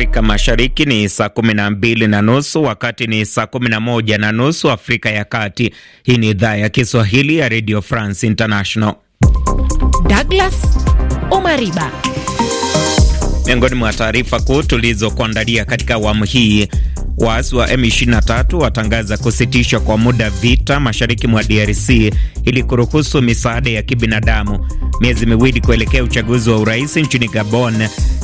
Afrika Mashariki ni saa kumi na mbili na nusu wakati ni saa kumi na moja na nusu Afrika ya Kati. Hii ni idhaa ya Kiswahili ya Radio France International. Douglas Omariba, miongoni mwa taarifa kuu tulizokuandalia katika awamu hii Waasi wa M23 watangaza kusitisha kwa muda vita mashariki mwa DRC ili kuruhusu misaada ya kibinadamu. Miezi miwili kuelekea uchaguzi wa urais nchini Gabon,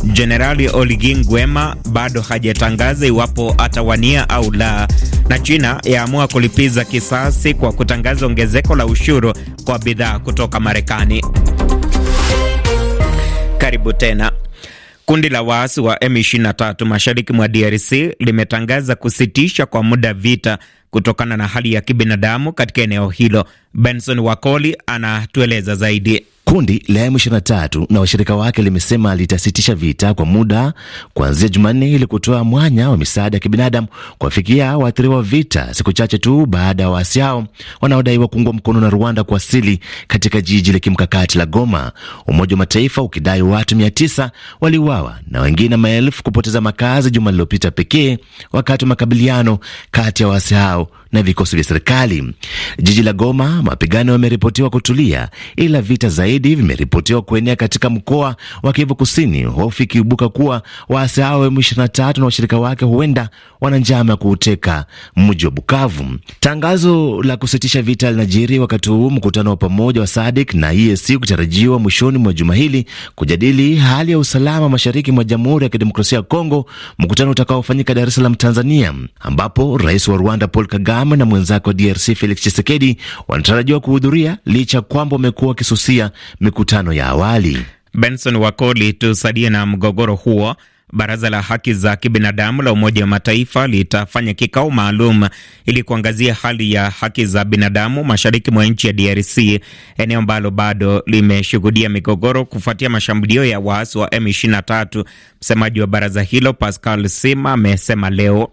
Jenerali Oligui Nguema bado hajatangaza iwapo atawania au la, na China yaamua kulipiza kisasi kwa kutangaza ongezeko la ushuru kwa bidhaa kutoka Marekani. Karibu tena. Kundi la waasi wa M23 mashariki mwa DRC limetangaza kusitisha kwa muda vita kutokana na hali ya kibinadamu katika eneo hilo. Benson Wakoli anatueleza zaidi. Kundi la M23 na washirika wake limesema litasitisha vita kwa muda kuanzia Jumanne ili kutoa mwanya wa misaada ya kibinadamu kuwafikia waathiriwa wa vita, siku chache tu baada ya waasi hao wanaodaiwa kuungwa mkono na Rwanda kuwasili katika jiji la kimkakati la Goma, Umoja wa Mataifa ukidai watu mia tisa waliuawa na wengine maelfu kupoteza makazi juma lililopita pekee wakati wa makabiliano kati ya waasi hao na vikosi vya serikali. Jiji la Goma, mapigano yameripotiwa kutulia, ila vita zaidi vimeripotiwa kuenea katika mkoa wa Kivu Kusini, hofu ikiibuka kuwa waasi hao M23 na washirika wake huenda wana njama ya kuuteka mji wa Bukavu. Tangazo la kusitisha vita linajiri wakati huu mkutano wa pamoja wa SADC na EAC kutarajiwa mwishoni mwa juma hili kujadili hali ya usalama mashariki mwa Jamhuri ya Kidemokrasia ya Kongo, mkutano utakaofanyika Dar es Salaam, Tanzania, ambapo rais wa Rwanda Paul Kagame Kamwe na mwenzako wa DRC Felix Chisekedi wanatarajiwa kuhudhuria licha kwamba wamekuwa wakisusia mikutano ya awali. Benson Wakoli, tusalie na mgogoro huo. Baraza la haki za kibinadamu la Umoja wa Mataifa litafanya kikao maalum ili kuangazia hali ya haki za binadamu mashariki mwa nchi ya DRC, eneo ambalo bado limeshuhudia migogoro kufuatia mashambulio ya waasi wa M23. Msemaji wa baraza hilo Pascal Sima amesema leo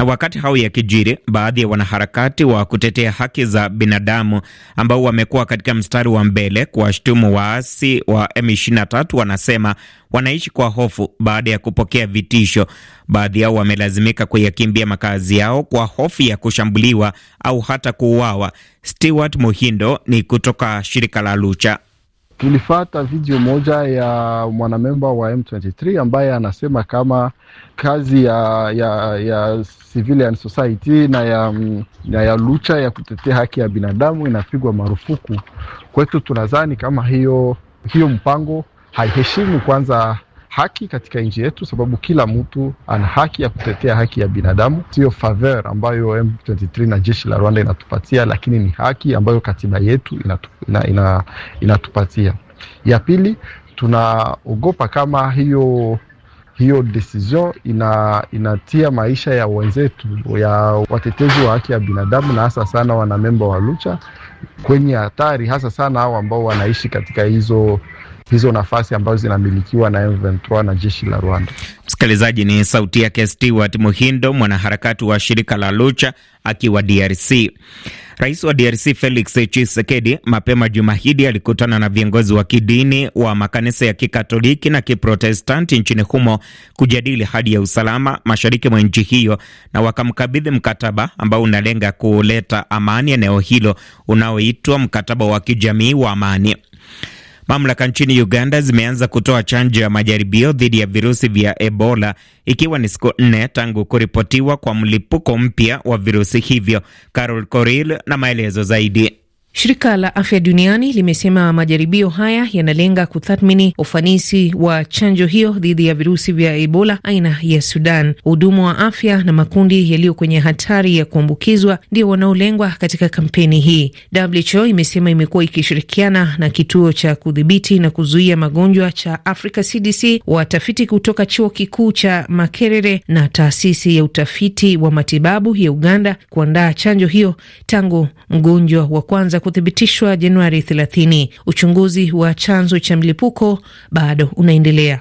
na wakati hao ya kijiri, baadhi ya wanaharakati wa kutetea haki za binadamu ambao wamekuwa katika mstari wa mbele kuwashtumu waasi wa M23 wanasema wanaishi kwa hofu baada ya kupokea vitisho. Baadhi yao wamelazimika kuyakimbia makazi yao kwa hofu ya kushambuliwa au hata kuuawa. Stewart Muhindo ni kutoka shirika la Lucha tulifata video moja ya mwanamemba wa M23 ambaye anasema kama kazi ya, ya, ya civilian society na ya, ya, ya lucha ya kutetea haki ya binadamu inapigwa marufuku. Kwetu tunadhani kama hiyo, hiyo mpango haiheshimu kwanza haki katika nchi yetu, sababu kila mtu ana haki ya kutetea haki ya binadamu. Siyo favor ambayo M23 na jeshi la Rwanda inatupatia, lakini ni haki ambayo katiba yetu inatu, ina, ina, inatupatia. Ya pili, tunaogopa kama hiyo hiyo decision ina, inatia maisha ya wenzetu ya watetezi wa haki ya binadamu na hasa sana wanamemba wa Lucha kwenye hatari, hasa sana hao ambao wanaishi katika hizo hizo nafasi ambazo zinamilikiwa na M23 na jeshi la Rwanda. Msikilizaji, ni sauti yake Stewart Muhindo, mwanaharakati wa shirika la Lucha akiwa DRC. Rais wa DRC Felix Tshisekedi mapema juma hili alikutana na viongozi wa kidini wa makanisa ya Kikatoliki na Kiprotestanti nchini humo kujadili hali ya usalama mashariki mwa nchi hiyo, na wakamkabidhi mkataba ambao unalenga kuleta amani eneo hilo unaoitwa mkataba wa kijamii wa amani. Mamlaka nchini Uganda zimeanza kutoa chanjo ya majaribio dhidi ya virusi vya Ebola ikiwa ni siku nne tangu kuripotiwa kwa mlipuko mpya wa virusi hivyo. Carol Coril na maelezo zaidi. Shirika la Afya Duniani limesema majaribio haya yanalenga kutathmini ufanisi wa chanjo hiyo dhidi ya virusi vya Ebola aina ya Sudan. Wahudumu wa afya na makundi yaliyo kwenye hatari ya kuambukizwa ndio wanaolengwa katika kampeni hii. WHO imesema imekuwa ikishirikiana na kituo cha kudhibiti na kuzuia magonjwa cha Africa CDC, watafiti kutoka chuo kikuu cha Makerere na taasisi ya utafiti wa matibabu ya Uganda kuandaa chanjo hiyo tangu mgonjwa wa kwanza kuthibitishwa Januari 30. Uchunguzi wa chanzo cha mlipuko bado unaendelea.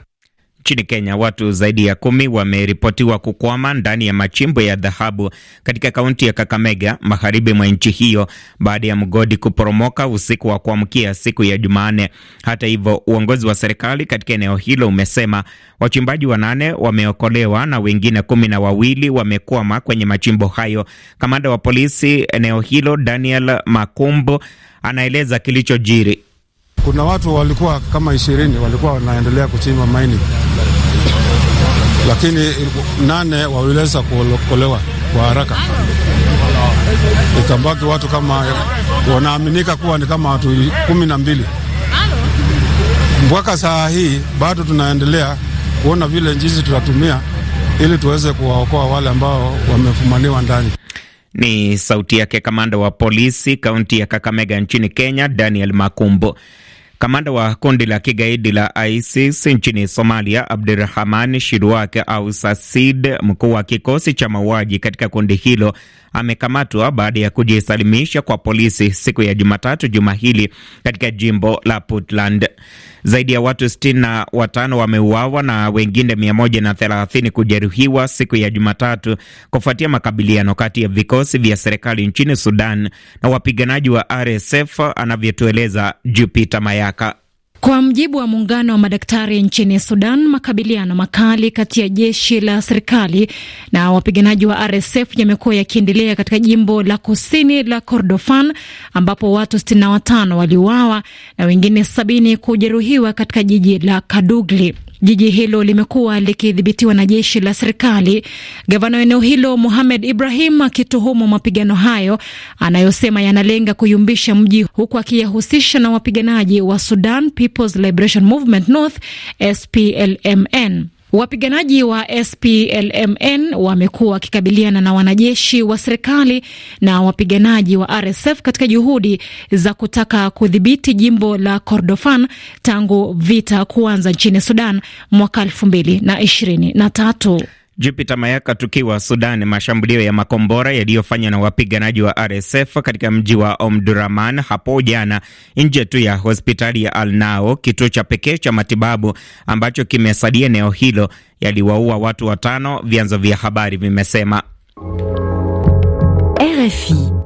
Nchini Kenya, watu zaidi ya kumi wameripotiwa kukwama ndani ya machimbo ya dhahabu katika kaunti ya Kakamega, magharibi mwa nchi hiyo, baada ya mgodi kuporomoka usiku wa kuamkia siku ya Jumanne. Hata hivyo, uongozi wa serikali katika eneo hilo umesema wachimbaji wanane wameokolewa na wengine kumi na wawili wamekwama kwenye machimbo hayo. Kamanda wa polisi eneo hilo Daniel Makumbo anaeleza kilichojiri. Kuna watu walikuwa kama ishirini walikuwa wanaendelea kuchimba maini, lakini nane waliweza kuokolewa kwa haraka, ikabaki watu kama wanaaminika kuwa ni kama watu kumi na mbili. Mpaka saa hii bado tunaendelea kuona vile njizi tutatumia ili tuweze kuwaokoa wale ambao wamefumaniwa ndani. Ni sauti yake kamanda wa polisi kaunti ya Kakamega nchini Kenya, Daniel Makumbo. Kamanda wa kundi la kigaidi la ISIS nchini Somalia, Abdurahman Shiruake au Sasid, mkuu wa kikosi cha mauaji katika kundi hilo, amekamatwa baada ya kujisalimisha kwa polisi siku ya Jumatatu juma hili katika jimbo la Puntland. Zaidi ya watu sitini na watano wameuawa na wengine mia moja na thelathini kujeruhiwa siku ya Jumatatu kufuatia makabiliano kati ya vikosi vya serikali nchini Sudan na wapiganaji wa RSF, anavyotueleza Jupiter Mayaka. Kwa mjibu wa muungano wa madaktari nchini Sudan, makabiliano makali kati ya jeshi la serikali na wapiganaji wa RSF yamekuwa yakiendelea katika jimbo la kusini la Kordofan ambapo watu 65 waliuawa na wengine sabini kujeruhiwa katika jiji la Kadugli. Jiji hilo limekuwa likidhibitiwa na jeshi la serikali, gavana wa eneo hilo muhamed Ibrahim akituhumu mapigano hayo anayosema yanalenga kuyumbisha mji, huku akiyahusisha na wapiganaji wa Sudan People's Liberation Movement North SPLMN. Wapiganaji wa SPLMN wamekuwa wakikabiliana na wanajeshi wa serikali na wapiganaji wa RSF katika juhudi za kutaka kudhibiti jimbo la Kordofan tangu vita kuanza nchini Sudan mwaka elfu mbili na ishirini na tatu. Jupiter Mayaka, tukiwa Sudan, mashambulio ya makombora yaliyofanywa na wapiganaji wa RSF katika mji wa Omdurman hapo jana nje tu ya hospitali ya Al Nao, kituo cha pekee cha matibabu ambacho kimesalia eneo hilo, yaliwaua watu watano, vyanzo vya habari vimesema. RFI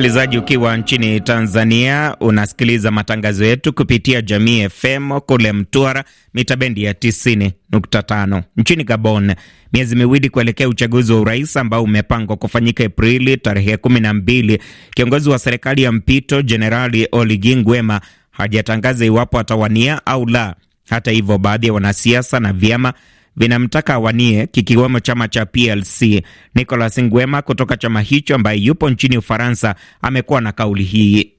Msikilizaji, ukiwa nchini Tanzania unasikiliza matangazo yetu kupitia Jamii FM kule Mtwara, mita bendi ya 90.5. Nchini Gabon, miezi miwili kuelekea uchaguzi wa urais ambao umepangwa kufanyika Aprili tarehe 12, kiongozi wa serikali ya mpito Jenerali Oligi Nguema hajatangaza iwapo atawania au la. Hata hivyo, baadhi ya wanasiasa na vyama vinamtaka awanie, kikiwemo chama cha PLC. Nicolas ngwema kutoka chama hicho ambaye yupo nchini Ufaransa amekuwa na kauli hii.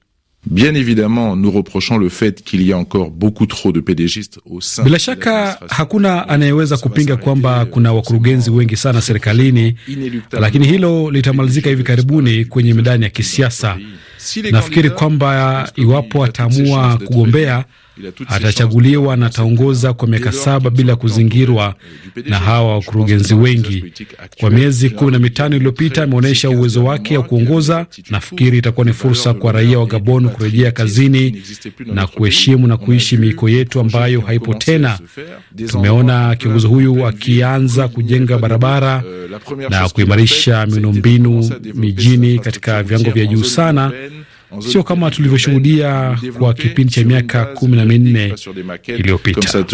Bien nous reprochons le fait qu'il y a encore beaucoup trop de au sein. Bila shaka hakuna anayeweza kupinga kwamba euh, kuna wakurugenzi wengi sana euh, serikalini, lakini hilo litamalizika hivi karibuni kwenye medani ya kisiasa. Nafikiri kwamba iwapo ataamua kugombea Atachaguliwa na ataongoza kwa miaka saba bila kuzingirwa euh, na hawa wakurugenzi wengi. Kwa miezi kumi na mitano iliyopita ameonyesha uwezo wake wa kuongoza. Nafikiri itakuwa ni fursa kwa raia wa Gabon kurejea kazini na kuheshimu na kuishi miiko yetu ambayo haipo tena. Tumeona kiongozi huyu akianza kujenga barabara euh, na kuimarisha miundombinu mijini katika viwango vya juu sana sio kama tulivyoshuhudia kwa kipindi cha miaka kumi na minne iliyopita.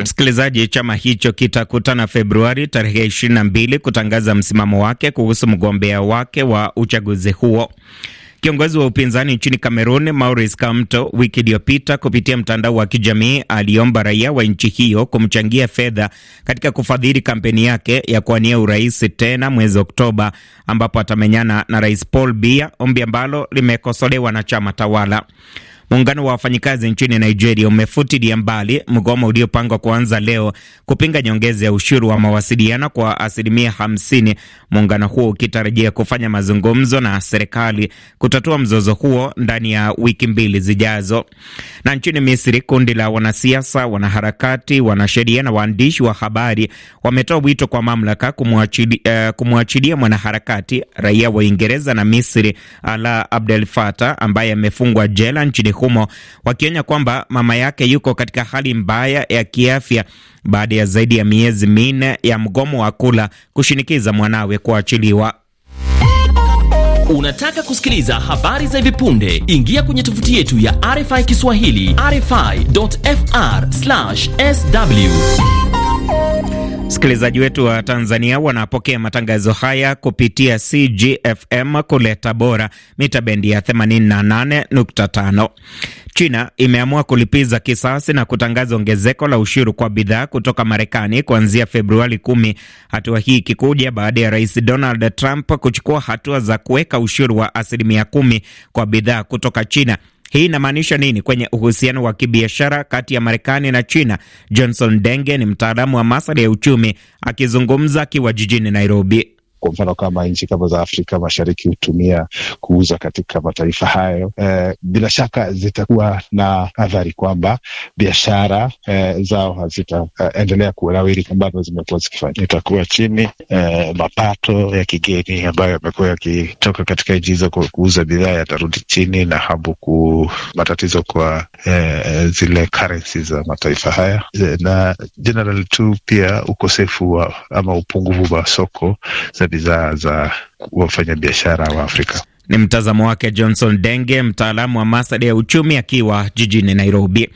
Msikilizaji, chama hicho kitakutana Februari tarehe 22 kutangaza msimamo wake kuhusu mgombea wake wa uchaguzi huo. Kiongozi wa upinzani nchini cameron Maurice Kamto, wiki iliyopita kupitia mtandao wa kijamii aliomba raia wa nchi hiyo kumchangia fedha katika kufadhili kampeni yake ya kuwania urais tena mwezi Oktoba, ambapo atamenyana na Rais Paul Biya, ombi ambalo limekosolewa na chama tawala. Muungano wa wafanyikazi nchini Nigeria umefutilia mbali mgomo uliopangwa kuanza leo kupinga nyongeza ya ushuru wa mawasiliano kwa asilimia 50, muungano huo ukitarajia kufanya mazungumzo na serikali kutatua mzozo huo ndani ya wiki mbili zijazo. Na nchini Misri, kundi la wanasiasa, wanaharakati, wanasheria na waandishi wa habari wametoa wito kwa mamlaka kumwachilia, uh, eh, kumwachilia mwanaharakati raia wa Uingereza na Misri Ala Abdel Fattah ambaye amefungwa jela nchini humo, wakionya kwamba mama yake yuko katika hali mbaya ya kiafya baada ya zaidi ya miezi minne ya mgomo wa kula kushinikiza mwanawe kuachiliwa. Unataka kusikiliza habari za hivi punde? Ingia kwenye tovuti yetu ya RFI Kiswahili, rfi.fr/sw. Msikilizaji wetu wa Tanzania wanapokea matangazo haya kupitia CGFM kule Tabora, mita bendi ya 88.5. China imeamua kulipiza kisasi na kutangaza ongezeko la ushuru kwa bidhaa kutoka Marekani kuanzia Februari 1 hatua hii ikikuja baada ya Rais Donald Trump kuchukua hatua za kuweka ushuru wa asilimia kumi kwa bidhaa kutoka China hii inamaanisha nini kwenye uhusiano wa kibiashara kati ya Marekani na China? Johnson Denge ni mtaalamu wa masuala ya uchumi akizungumza akiwa jijini Nairobi. Kwa mfano kama nchi kama za Afrika Mashariki hutumia kuuza katika mataifa hayo, e, bila shaka zitakuwa na athari kwamba biashara e, zao hazitaendelea eh, kunawiri ambazo zimekuwa zikifanya. Itakuwa chini e, mapato ya kigeni ambayo yamekuwa yakitoka katika nchi hizo kwa kuuza bidhaa yatarudi chini, na hambu ku matatizo kwa e, zile currency za mataifa haya na general tu pia ukosefu wa ama upungufu wa soko za bidhaa za wafanyabiashara wa Afrika. Ni mtazamo wake Johnson Denge, mtaalamu wa masuala ya uchumi akiwa jijini Nairobi.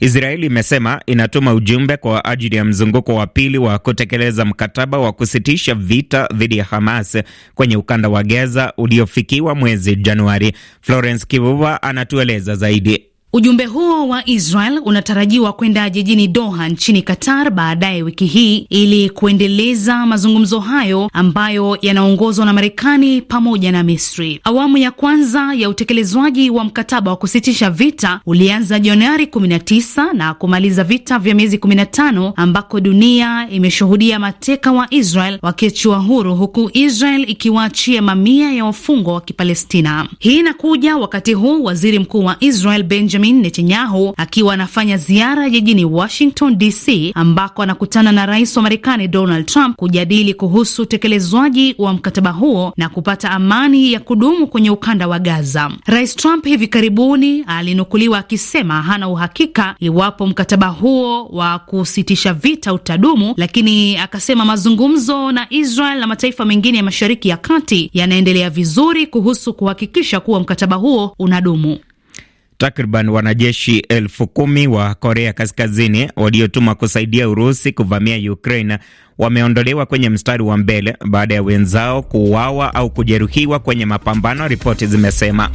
Israeli imesema inatuma ujumbe kwa ajili ya mzunguko wa pili wa kutekeleza mkataba wa kusitisha vita dhidi ya Hamas kwenye ukanda wa Gaza uliofikiwa mwezi Januari. Florence Kivuva anatueleza zaidi. Ujumbe huo wa Israel unatarajiwa kwenda jijini Doha nchini Qatar baadaye wiki hii ili kuendeleza mazungumzo hayo ambayo yanaongozwa na Marekani pamoja na Misri. Awamu ya kwanza ya utekelezwaji wa mkataba wa kusitisha vita ulianza Januari 19 na kumaliza vita vya miezi 15 ambako dunia imeshuhudia mateka wa Israel wakiachiwa huru huku Israel ikiwaachia mamia ya wafungwa wa Kipalestina. Hii inakuja wakati huu waziri mkuu wa Israel Benjamin Benjamin Netanyahu akiwa anafanya ziara jijini Washington DC, ambako anakutana na rais wa Marekani Donald Trump kujadili kuhusu utekelezwaji wa mkataba huo na kupata amani ya kudumu kwenye ukanda wa Gaza. Rais Trump hivi karibuni alinukuliwa akisema hana uhakika iwapo mkataba huo wa kusitisha vita utadumu, lakini akasema mazungumzo na Israel na mataifa mengine ya Mashariki ya Kati yanaendelea vizuri kuhusu kuhakikisha kuwa mkataba huo unadumu. Takriban wanajeshi elfu kumi wa Korea Kaskazini waliotumwa kusaidia Urusi kuvamia Ukraine wameondolewa kwenye mstari wa mbele baada ya wenzao kuuawa au kujeruhiwa kwenye mapambano, ripoti zimesema.